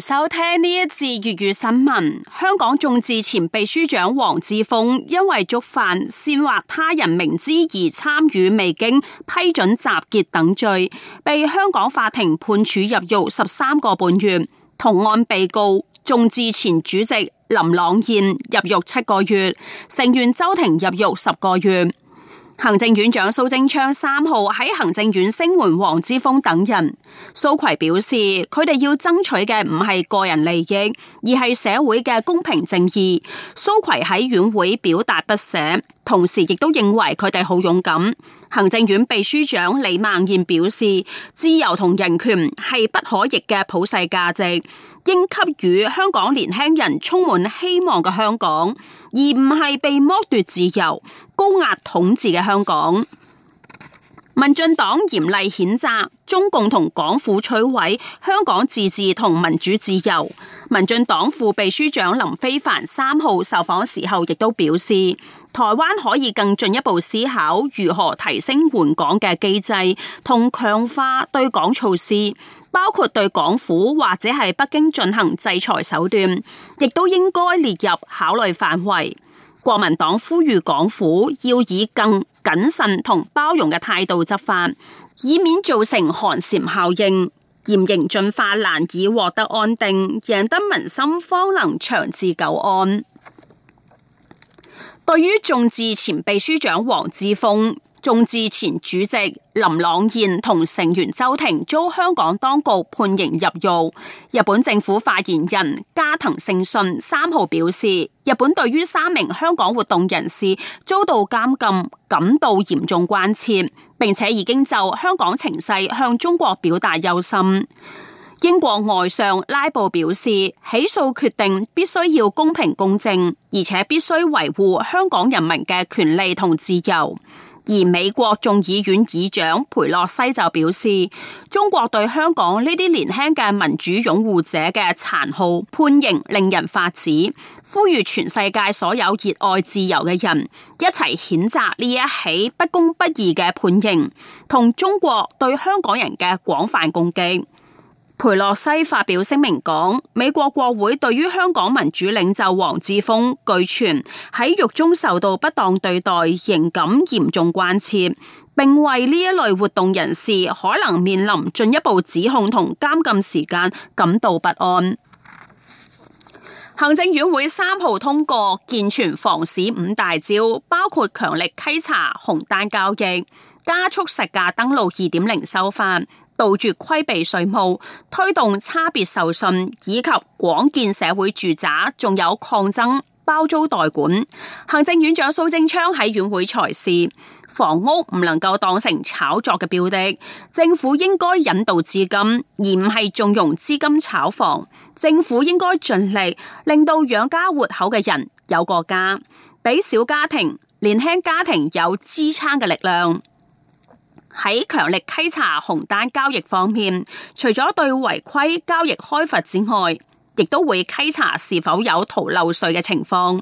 收聽呢一節粵語新聞，香港眾志前秘書長黃之鋒因為觸犯煽惑他人明知而參與未經批准集結等罪，被香港法庭判處入獄十三個半月。同案被告眾志前主席林朗彥入獄七個月，成員周庭入獄十個月。行政院長蘇貞昌三號喺行政院聲援黃之鋒等人，蘇揆表示佢哋要爭取嘅唔係個人利益，而係社會嘅公平正義。蘇揆喺院會表達不捨。同時亦都認為佢哋好勇敢。行政院秘書長李孟諺表示，自由同人權係不可逆嘅普世價值，應給予香港年輕人充滿希望嘅香港，而唔係被剝奪自由、高壓統治嘅香港。民進黨嚴厲譴責中共同港府摧毀香港自治同民主自由。民進黨副秘書長林飛帆三號受訪時候亦都表示，台灣可以更進一步思考如何提升援港嘅機制，同強化對港措施，包括對港府或者係北京進行制裁手段，亦都應該列入考慮範圍。國民黨呼籲港府要以更謹慎同包容嘅態度執法，以免造成寒蟬效應。嚴刑峻法難以獲得安定，贏得民心方能長治久安。對於眾志前秘書長黃之鋒、眾志前主席林朗彥同成員周庭遭香港當局判刑入獄。日本政府發言人加藤勝信三號表示，日本對於三名香港活動人士遭到監禁感到嚴重關切，並且已經就香港情勢向中國表達憂心。英國外相拉布表示，起訴決定必須要公平公正，而且必須維護香港人民嘅權利同自由。而美國眾議院議長裴洛西就表示，中國對香港呢啲年輕嘅民主擁護者嘅殘酷判刑令人發指，呼籲全世界所有熱愛自由嘅人一齊譴責呢一起不公不義嘅判刑同中國對香港人嘅廣泛攻擊。裴洛西發表聲明講，美國國會對於香港民主領袖黃之鋒，據傳喺獄中受到不當對待，仍感嚴重關切，並為呢一類活動人士可能面臨進一步指控同監禁時間感到不安。行政院會三號通過健全房市五大招，包括強力稽查紅單交易、加速實價登錄二點零修法、杜絕規避稅務、推動差別受信以及廣建社會住宅，仲有抗爭。包租代管，行政院長蘇貞昌喺院會裁示，房屋唔能夠當成炒作嘅標的，政府應該引導資金，而唔係縱容資金炒房。政府應該盡力令到養家活口嘅人有個家，俾小家庭、年輕家庭有支撐嘅力量。喺強力稽查紅單交易方面，除咗對違規交易開罰之外，亦都會稽查是否有逃漏稅嘅情況。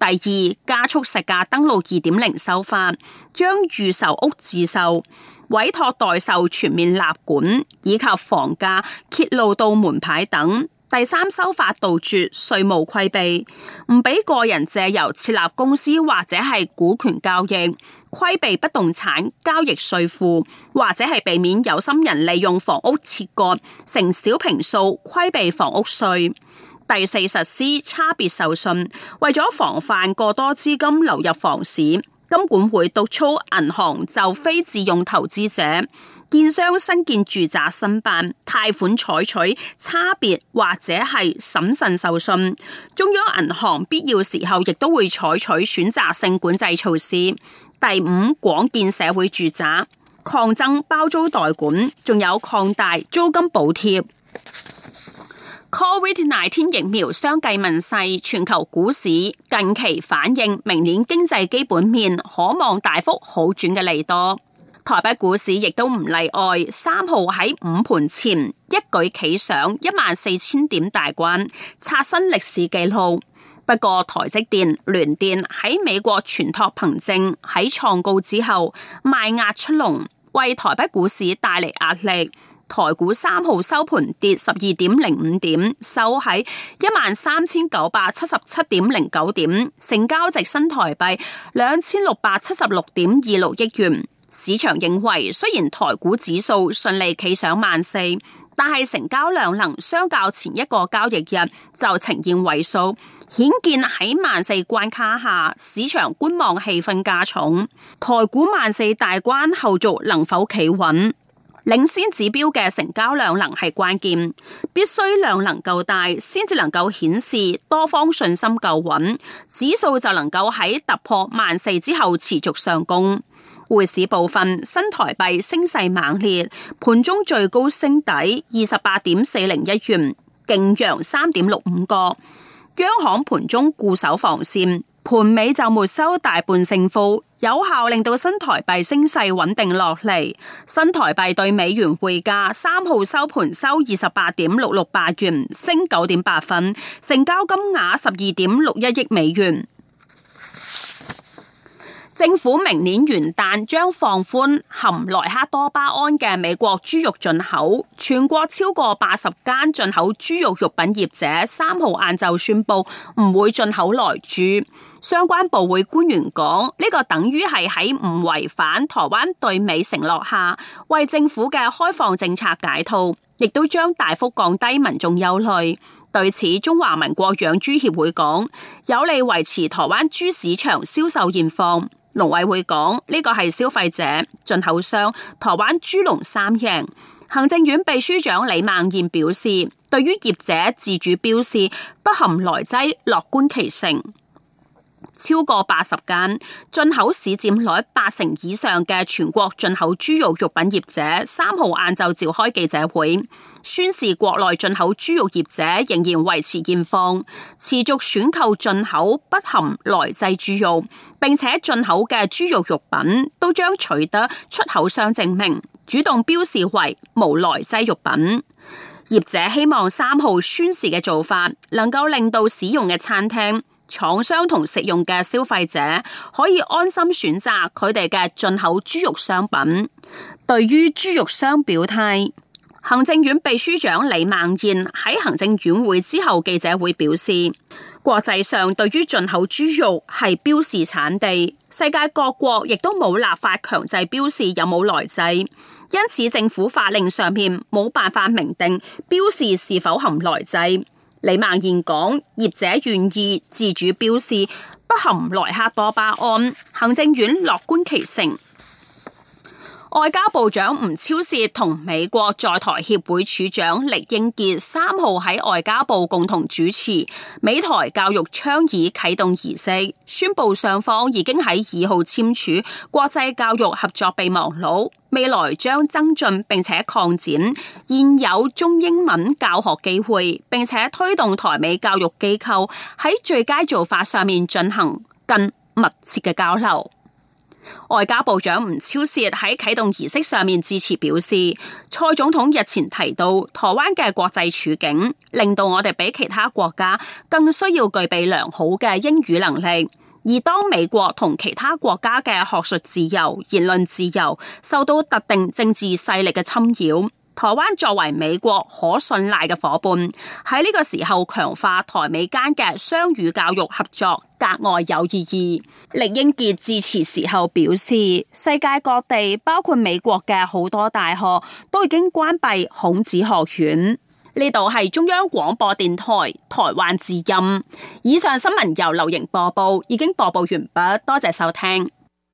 第二，加速實價登錄二點零修法，將預售屋自售、委託代售全面立管，以及房價揭露到門牌等。第三，修法杜絕稅務規避，唔俾個人借由設立公司或者係股權交易，規避不動產交易稅負，或者係避免有心人利用房屋切割成小坪數，規避房屋稅。第四，實施差別受信，為咗防範過多資金流入房市。金管會督促銀行就非自用投資者建商新建住宅申辦貸款採取差別或者係審慎授信，中央銀行必要時候亦都會採取選擇性管制措施。第五，廣建社會住宅，擴增包租代管，仲有擴大租金補貼。COVID-19 疫苗相繼問世，全球股市近期反映明年經濟基本面可望大幅好轉嘅利多。台北股市亦都唔例外，三號喺午盤前一舉企上一萬四千點大關，刷新歷史紀錄。不過台積電、聯電喺美國存託憑證喺創告之後賣壓出籠，為台北股市帶嚟壓力。台股三號收盤跌十二點零五點，收喺一萬三千九百七十七點零九點，成交值新台幣兩千六百七十六點二六億元。市場認為，雖然台股指數順利企上萬四，但係成交量能相較前一個交易日就呈現為數，顯見喺萬四關卡下，市場觀望氣氛加重。台股萬四大關後續能否企穩？領先指標嘅成交量能係關鍵，必須量能夠大，先至能夠顯示多方信心夠穩，指數就能夠喺突破萬四之後持續上攻。匯市部分，新台幣升勢猛烈，盤中最高升抵二十八點四零一元，勁揚三點六五個。央行盤中固守防線。盤尾就沒收大半勝負，有效令到新台幣升勢穩定落嚟。新台幣對美元匯價三號收盤收二十八點六六八元，升九點八分，成交金額十二點六一億美元。政府明年元旦將放寬含萊克多巴胺嘅美國豬肉進口，全國超過八十間進口豬肉肉品業者三號晏晝宣布唔會進口萊豬。相關部會官員講，呢個等於係喺唔違反台灣對美承諾下，為政府嘅開放政策解套，亦都將大幅降低民眾憂慮。對此，中華民國養豬協會講，有利維持台灣豬市場銷售現況。農委會講，呢個係消費者、進口商、台灣豬農三贏。行政院秘書長李孟諺表示，對於業者自主標示不含萊劑，樂觀其成。超過八十間進口市占率八成以上嘅全國進口豬肉肉品業者，三號晏晝召開記者會，宣示國內進口豬肉業者仍然維持現況，持續選購進口不含萊劑豬肉，並且進口嘅豬肉肉品都將取得出口商證明，主動標示為無萊劑肉品。業者希望三號宣示嘅做法，能夠令到使用嘅餐廳。廠商同食用嘅消費者可以安心選擇佢哋嘅進口豬肉商品。對於豬肉商表態，行政院秘書長李孟賢喺行政院會之後記者會表示：國際上對於進口豬肉係標示產地，世界各國亦都冇立法強制標示有冇來制，因此政府法令上面冇辦法明定標示是否含來制。李孟賢講：業者願意自主表示不含萊克多巴胺，行政院樂觀其成。外交部長吳釗燮，同美國在台協會處長酈英傑三號喺外交部共同主持美台教育倡議啟動儀式，宣布雙方已經喺二號簽署國際教育合作備忘錄，未來將增進並且擴展現有中英文教學機會，並且推動台美教育機構喺最佳做法上面進行更密切嘅交流。外交部長吳釗燮喺啟動儀式上面致辭，表示蔡總統日前提到台灣嘅國際處境，令到我哋比其他國家更需要具備良好嘅英語能力。而當美國同其他國家嘅學術自由、言論自由受到特定政治勢力嘅侵擾。台灣作為美國可信賴嘅伙伴，喺呢個時候強化台美間嘅雙語教育合作，格外有意義。酈英傑致辭時候表示，世界各地包括美國嘅好多大學都已經關閉孔子學院。呢度係中央廣播電台台灣之音。以上新聞由劉瑩播報，已經播報完畢，多謝收聽。